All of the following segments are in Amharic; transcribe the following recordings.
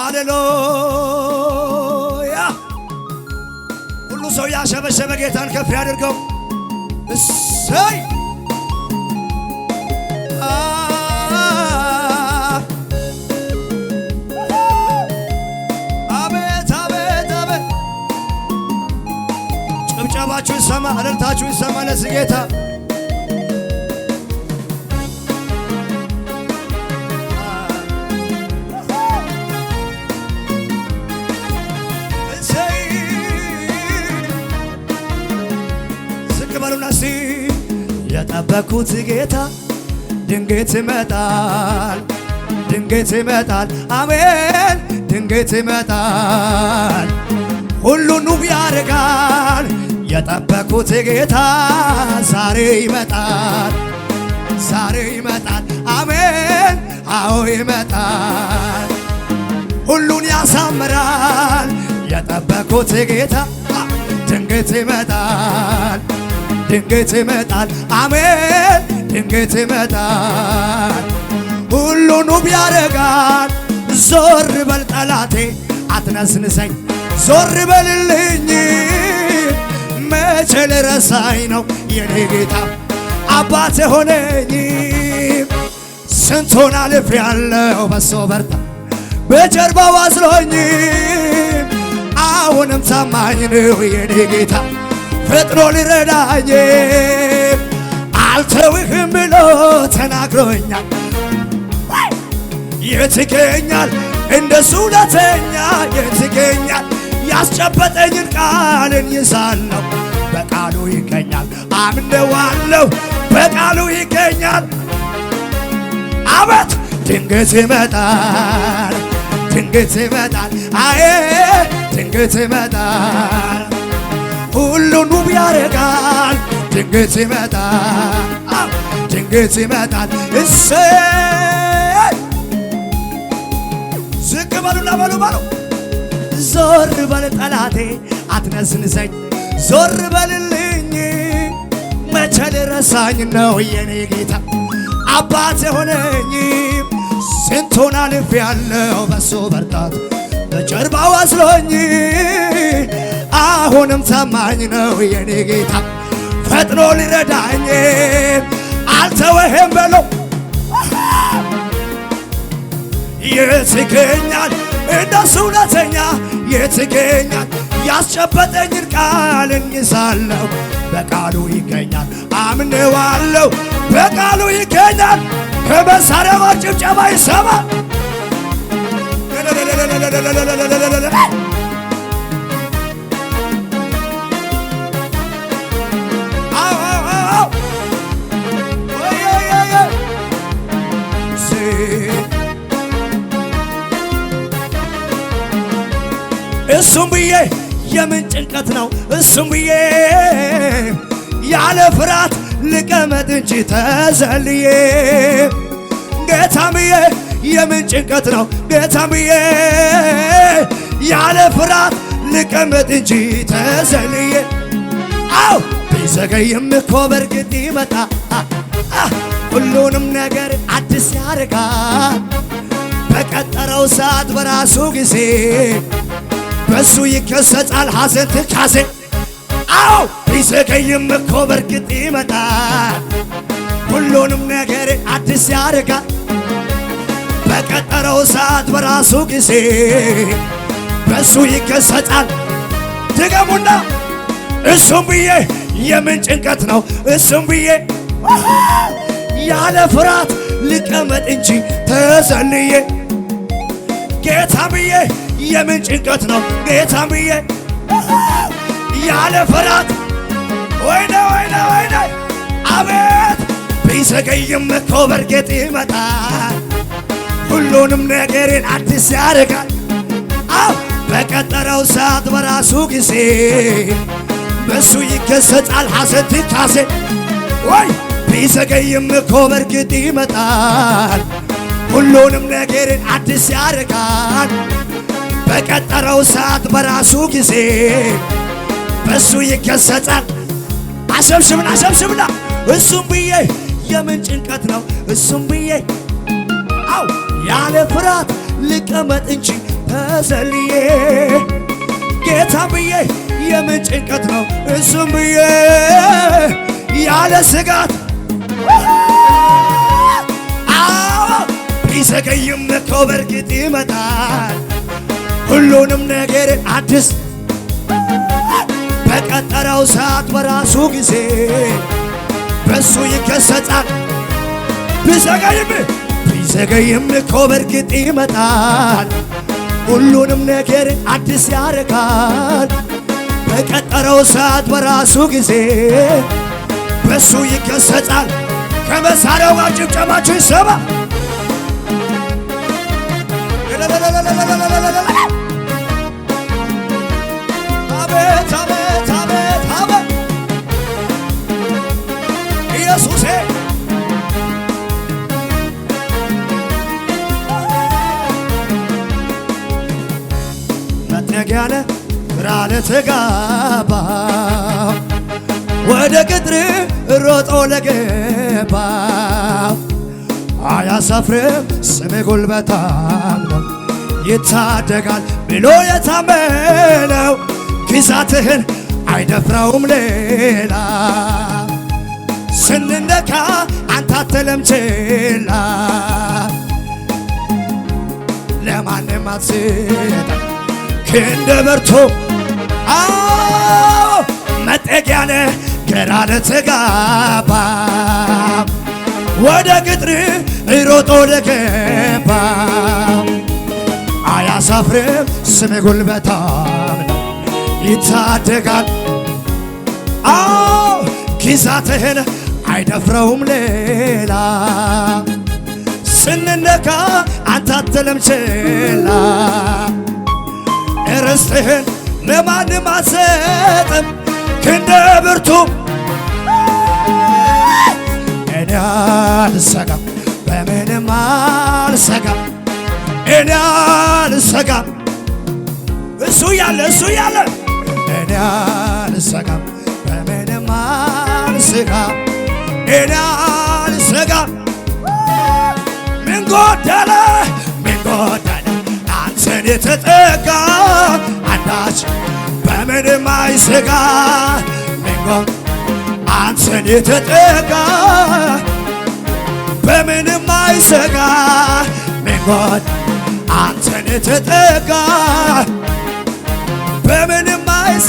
ሃሌሉያ! ሁሉ ሰው ያሸበሸበ ጌታን ከፍ ያድርገው። እሰይ አቤት አቤት ይሰማ፣ እልልታችሁ ይሰማ ለዚህ ጌታ የጠበኩት ጌታ ድንገት ይመጣል፣ ድንገት ይመጣል። አሜን ድንገት ይመጣል፣ ሁሉንም ያደርጋል። የጠበኩት ጌታ ዛሬ ይመጣል፣ ዛሬ ይመጣል። አሜን አዎ ይመጣል፣ ሁሉን ያሳምራል። የጠበኩት ጌታ ድንገት ይመጣል ድንገት ይመጣል አሜን ድንገት ይመጣል ሁሉን ውብ ያደርጋል የጠበኩት ጌታ ዛሬ ይመጣል ዛሬ ይመጣል አሜን አዎ ይመጣል ሁሉን ያሳምራል የጠበኩት ጌታ ድንገት ይመጣል ድንገት ይመጣል። አሜን ድንገት ይመጣል። ሁሉንም ያደርጋል። ዞር በል ጠላቴ አትነስንሰኝ፣ ዞር በልልኝ መቼ ልረሳኝ ነው የኔ ጌታ አባት የሆነኝ ስንቱን አልፍ ያለው በሶ በርታ በጀርባው አስሎኝ አሁንም ታማኝ ነው የኔ ጌታ ፈጥኖ ሊረዳኝ አልተውህም ብሎ ተናግሮኛል። የት እንደሱ ለተኛ የትገኛል ያስጨበጠኝን ቃልን ይዛለሁ በቃሉ ይገኛል አምነዋለሁ በቃሉ ይገኛል። አበት ድንገት ይመጣል ድንገት ይመጣል አዬ ድንገት ይመጣል ሁሉን ውብ ያደርጋል። ድንገት ይመጣል፣ ድንገት ይመጣል። እሰይ ዝቅ በሉና በሉ በሉ ዞር በል ጠላቴ አትነዝንዘኝ፣ ዞር በልልኝ መቼ ልረሳኝ ነው የኔ ጌታ አባት የሆነኝ ስንቱን አልፌ ያለው በሱ በርታት በጀርባው አስሎኝ አሁንም ታማኝ ነው የኔ ጌታ ፈጥኖ ሊረዳኝ አልተወህም በለው የት ይገኛል እንደሱ እውነተኛ የት ያስጨበጠኝን ቃል እንይዛለሁ በቃሉ ይገኛል አምንዋለሁ በቃሉ ይገኛል ከመሳሪያው ጭብጨባ ይሰማል እሱም ብዬ የምን ጭንቀት ነው? እሱም ብዬ ያለ ፍርሃት ልቀመጥ እንጂ ተዘልዬ ጌታ ብዬ የምን ጭንቀት ነው? ጌታ ብዬ ያለ ፍርሃት ልቀመጥ እንጂ ተዘልዬ አው ቢዘገይም እኮ በርግጥ ይመጣ ሁሉንም ነገር አዲስ ያደርጋል በቀጠረው ሰዓት በራሱ ጊዜ በሱ ይከሰታል ሐዘን ትካዜ። አዎ ቢዘገይም እኮ በርግጥ ይመጣል። ሁሉንም ነገር አዲስ ያደርጋል። በቀጠረው ሰዓት በራሱ ጊዜ በሱ ይከሰታል። ድገሙና እሱም ብዬ የምን ጭንቀት ነው? እሱም ብዬ ያለ ፍርሃት ልቀመጥ እንጂ ተዘንዬ ጌታ ብዬ የምን ጭንቀት ነው ጌታ ብዬ ያለ ፍራት ወይኔ ወይ ወይኔ አቤት ቢዘገይም እኮ በርግጥ ይመጣል። ሁሉንም ነገሬን አዲስ ያደርጋል። አው በቀጠረው ሰዓት በራሱ ጊዜ በሱ ይገሰጣል ሐሰት ትካሴ ወይ ቢዘገይም እኮ በርግጥ ይመጣል። ሁሉንም ነገሬን አዲስ ያደርጋል። በቀጠረው ሰዓት በራሱ ጊዜ በእሱ ይገሰጻል። አሸብሽብና አሸብሽብና እሱም ብዬ የምን ጭንቀት ነው እሱም ብዬ አው ያለ ፍርሃት ልቀመጥ እንጂ ተሰልዬ ጌታ ብዬ የምን ጭንቀት ነው እሱም ብዬ ያለ ስጋት አዎ ቢዘገይም እኮ በርግጥ ይመጣል ሁሉንም ነገር አዲስ በቀጠረው ሰዓት በራሱ ጊዜ በሱ ይከሰጣል። ቢዘገይም ቢዘገይም እኮ በእርግጥ ይመጣል። ሁሉንም ነገር አዲስ ያደርጋል። በቀጠረው ሰዓት በራሱ ጊዜ በሱ ይከሰጣል። ከመሳሪያው ጋር ጭብጨባችሁ ይሰማ። አቤት አቤት አቤት አቤት ኢየሱሴ መጥረጊያ ነህ ግራ ለተጋባ ወደ ቅጥር ሮጦ ለገባ አያሳፍርም ስም ጉልበታም ይታደጋል ብሎ የታመነው ግዛትህን አይደፍረውም ሌላ ስንነካ አንታተለም ችላ ለማንም አትስጠ ክንደ በርቶ አዎ መጠጊያ ነህ ለተጋባ ወደ ቅጥር ሮጦ ለገባ አያሳፍርም ስም ጉልበታም ይታደጋል። አዎ ኪሳትህን አይደፍረውም ሌላ ስንነካ አንታተለም ችላ እርስትህን ለማንም አትሰጥም ክንደ ብርቱ እኔ አልሰጋም በምንም አልሰጋም እኔ አልሰጋም እሱ ያለ እሱ ያለ እኔ አልሰጋም፣ በምንም አልሰጋም፣ እኔ አልሰጋም። ምን ጎደለ ምን ጎደለ አንተን የተጠጋ አንዳች በምንም አይሰጋ ምንጎ አንተን የተጠጋ በምንም አይሰጋ ምንጎ አንተን የተጠጋ በምን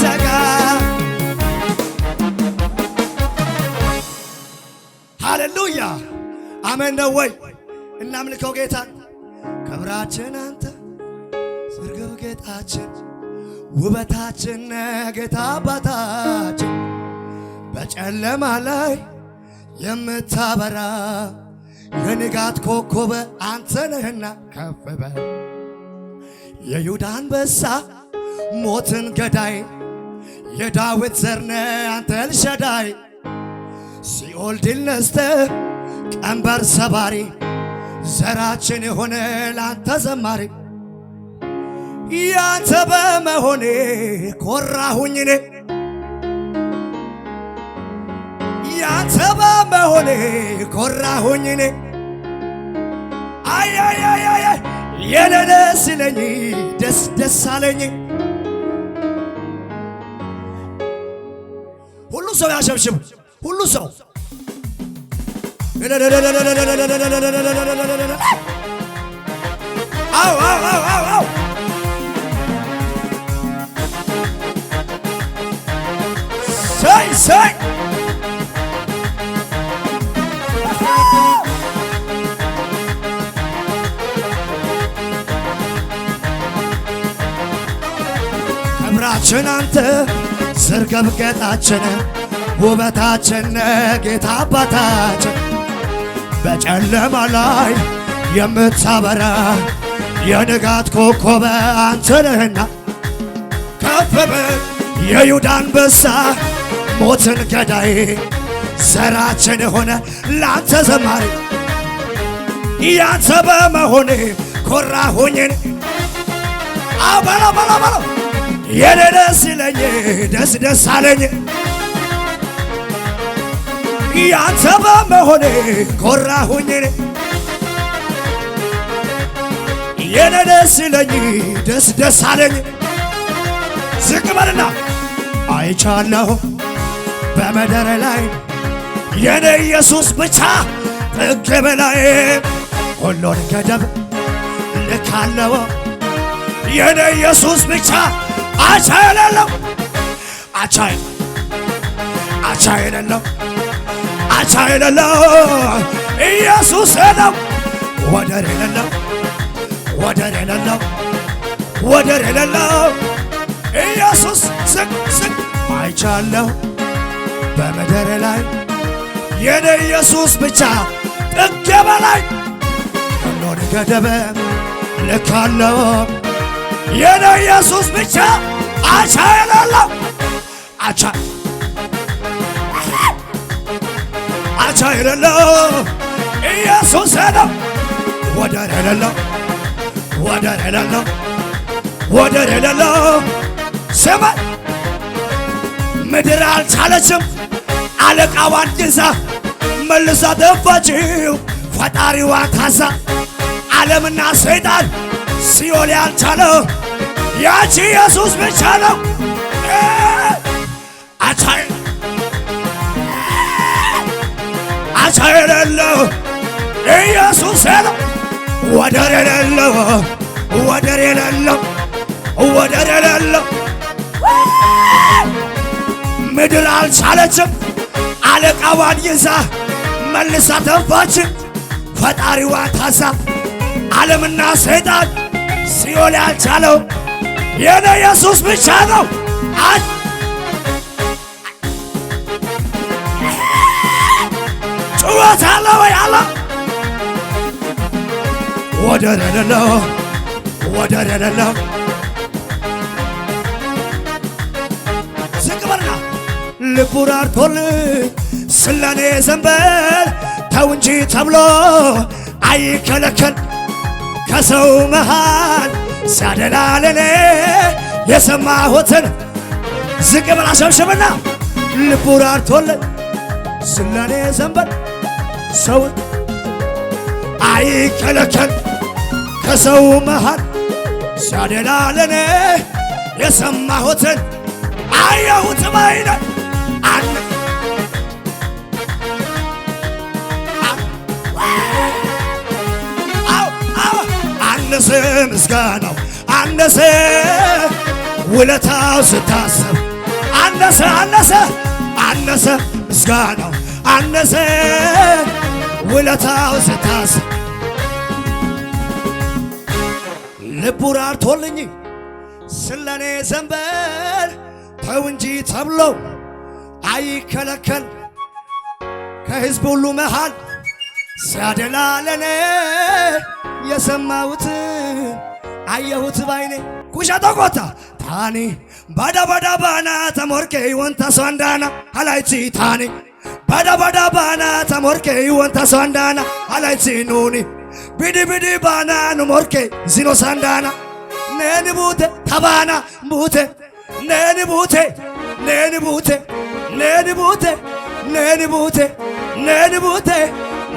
እንዳይዘጋ ሃሌሉያ አሜን ነው ወይ? እናምልከው ጌታ ክብራችን አንተ ዝርግብ ጌጣችን ውበታችን ጌታ አባታችን በጨለማ ላይ የምታበራ የንጋት ኮከበ አንተ ነህና ከፍ በል የይሁዳ አንበሳ ሞትን ገዳይ የዳዊት ዘርነ አንተ ኤልሻዳይ ሲኦል ድል ነስተ ቀንበር ሰባሪ ዘራችን የሆነ ላንተ ዘማሪ ያንተ በመሆኔ ያንተ በመሆኔ የለለ ደስ ደስ አለኝ ሰው ያሸብሽብ። ሁሉ ሰው አው አው አንተ ስር ገብገጣችን ውበታችን ጌታ አባታችን በጨለማ ላይ የምታበራ የንጋት ኮከበ አንተ ነህና ከፈበ የይሁዳ አንበሳ ሞትን ገዳይ ዘራችን የሆነ ላንተ ዘማሪ ያንተ በመሆኔ ኮራሁኝን አበላ በላ በላ የኔ ደስ ይለኝ ደስ ደስ አለኝ ያንተ በመሆኔ ኮራሁኝ የኔ ደስ ይለኝ ደስ ደስ አለኝ ዝቅ በልና አይቻለሁ በምድር ላይ የኔ ኢየሱስ ብቻ ጥግ በላይ ሁሉን ገደብ ልካለው የኔ ኢየሱስ ብቻ አቻ የሌለው አቻ አቻ የሌለው አንቺ የሌለው ኢየሱስ የለው ወደር የሌለው ወደር የሌለው ወደር የሌለው ኢየሱስ ስቅ ስቅ አይቻለሁ በምድር ላይ የኔ ኢየሱስ ብቻ ጥግ በላይ ሁሉን ገደብ ልካለው የኔ ኢየሱስ ብቻ አቻ የሌለው አቻ መሳይ የሌለው ኢየሱስ ነው። ወደር የሌለው ወደር የሌለው ወደር የሌለው ስማ ምድር አልቻለችም። አለቃዋን ይዛ መልሳ ደፋችው ፈጣሪዋ ታዛ ዓለምና ሰይጣን ሲኦል ያልቻለ ያቺ ኢየሱስ ብቻ ነው። የሌለው ኢየሱስ ነው። ወደር የሌለው ወደር የሌለው ወደር የሌለው ምድር አልቻለችም። አለቃዋን ይዛ መልሳ ተፋች። ፈጣሪዋ ታዛ ዓለምና ሰይጣን ሲኦል ያልቻለው የነ ኢየሱስ ብቻ ነው። ሕይወት አለ ወይ? አለ ወደር የሌለው ወደር ዝቅበርና ልቡ ስለኔ ዘንበል ተው እንጂ ተብሎ አይከለከል ከሰው መሃል ሲያደላ የሰማሁትን ዝቅ በል ልቡ ስለኔ ዘንበል ሰው አይከለከል ከሰው መሃል ሲያደላ ለኔ የሰማሁትን አየሁት ባይነ አለ አነሰ ምስጋናው አነሰ ውለታው ስታሰብ አነሰ አነሰ አነሰ ምስጋናው አነሰ ውለታው ስታስ ልቡን አርቶልኝ ስለኔ ዘንበል ተው እንጂ ተብሎ አይከለከል ከሕዝብ ሁሉ መሃል ሲያደላ ለኔ አየሁት ባይኔ ኩሻቶ ኮታ ታኒ ባዳ ባዳ ባና ተሞርኬ ወንታ ሷንዳና አላይቲ ታኒ ባዳባዳ ባና ተሞርኬ ወንታ ሰንዳና አላይሲኑኒ ቢዲቢዲ ባና ኑሞርኬ ዚኖ ሰንዳና ነን ቡቴ ተባና ቡቴ ነን ቡቴ ነን ቡቴ ነን ቡቴ ነን ቡቴ ነን ቡቴ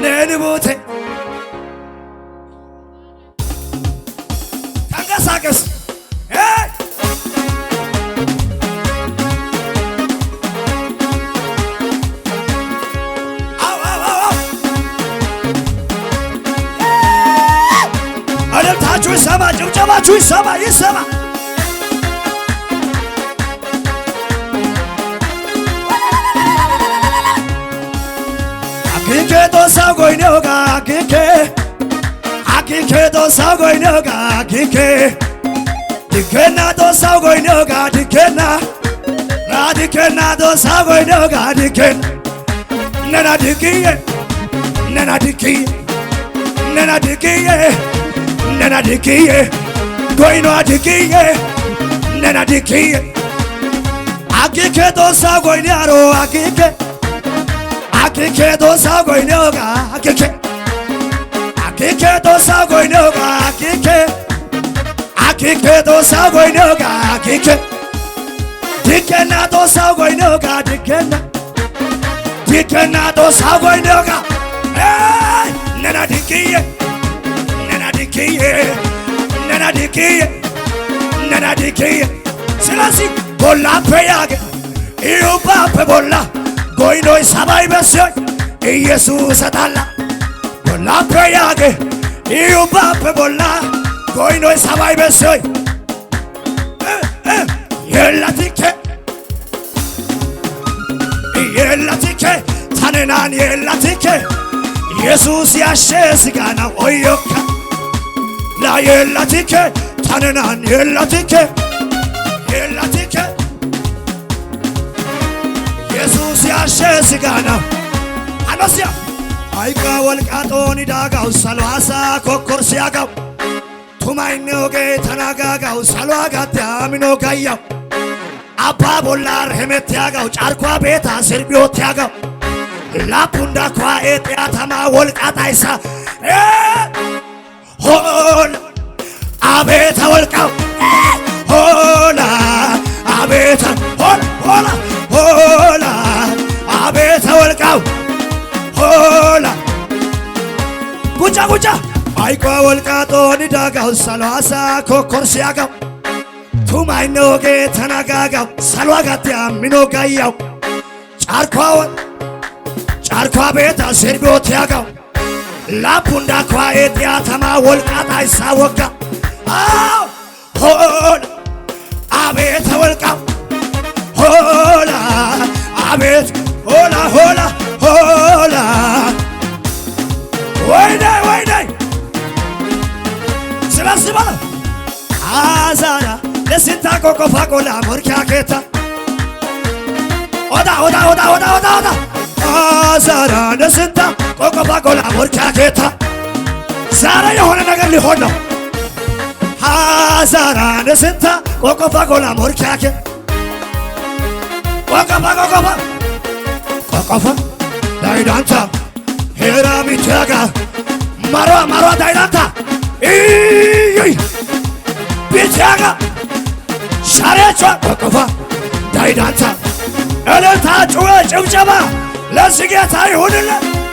ነን ቡቴ ጩኸታችሁ ይሰማ ይሰማ። አኪኬ ጦሳ ጎይኔውጋ አኪኬ አኪኬ ጦሳ ጎይኔውጋ አኪኬ ዲኬና ጦሳ ጎይኔውጋ ዲኬና ራዲኬና ጦሳ ጎይኔውጋ ዲኬን ነና ዲኪዬ ነና ዲኪዬ ነና ዲኪዬ ነና ዲኪዬ ኮይኖ አድክዬ ነን አድክዬ አኪኬ ጦሳ ጎይኔ አሮ አኪኬ አኪኬ ጦሳ ጎይኔ ኦጋ አኪኬ አኪኬ ጦሳ ጎይኔ ኦጋ አኪኬ አኪኬ ጦሳ ጎይኔ ኦጋ አኪኬ ዲኬና ጦሳ ጎይኔ ኦጋ ዲኬና ዲኬና ጦሳ ጎይኔ ኦጋ ነን አድክዬ ነን አድክዬ እንደገና ድቅዬ እንደና ድቅዬ ስለዚህ ቦላ ፈያገ ኢዮባ በቦላ ጎይኖይ ሰማይ በሰይ ኢየሱስ አታላ ቦላ ፈያገ ኢዮባ በቦላ ጎይኖይ ሰማይ በሰይ የላትከ የላትከ ታነናን የላትከ ኢየሱስ ያሸ ስጋና ወዮካ ላ የላቲከ ጣነናን የላቲከ የላቲከ ኢየሱስ ያሸ ስጋና አነስያ አይቀ ወልቃጦን ዳጋው ሰልዋሳ ኮኮር ሲያጋው ቱማይኔ ተናጋጋው ሰልዋጋት ጋያው አባ ቦላር ሄሜት ያጋው ጫርኳ ቤታ ሲርቢዮት ያጋው ላፑንዳኳ ኤጥያተማ ወልቃጣይሳ ሆላ አቤት ወልቃው ሆላ አቤት ሆላ ሆላ አቤት ወልቃው ሆላ ጉጫ ጉጫ ማይቋ ወልቃጦኒ ዳጋው ሰሏሳ ኮኮርሲያጋው ቱማይኖጌ ተናጋጋው ሰሏጋትያ ሚኖጋያው ጫርኳ ጫርኳ ቤታ ሴርቢዮትያጋው ላቡ እንዳኳ ኤጥያተማ ወልቃት አይሳወጋ ሆላ አቤት ወልቃ ሆላ አቤት ሆላ ሆላ ሆላ ወይኔ ወይኔ ስበስባ አዛና ለስንታ ቆቆፋ ቆላ ሞርኪያ ኬታ ኦዳ ኦዳ ኦዳ ኦዳ ኦዳ አዛና ለስንታ ቆቆባቆላ ወርጫ ጌታ ዛሬ የሆነ ነገር ሊሆን ነው። ሀዛራ ንስንታ ቆቆባቆላ ወርጫ ጌታ ቆቆባ ቆቆባ ቆቆባ ዳይዳንታ ሄራ ሚቻጋ ማሯ ማሯ ዳይዳንታ ኢይ ቢቻጋ ሻሬቿ ቆቆባ ዳይዳንታ እልልታ ጩኸ ጭብጨባ ለዚህ ጌታ ይሁንልን።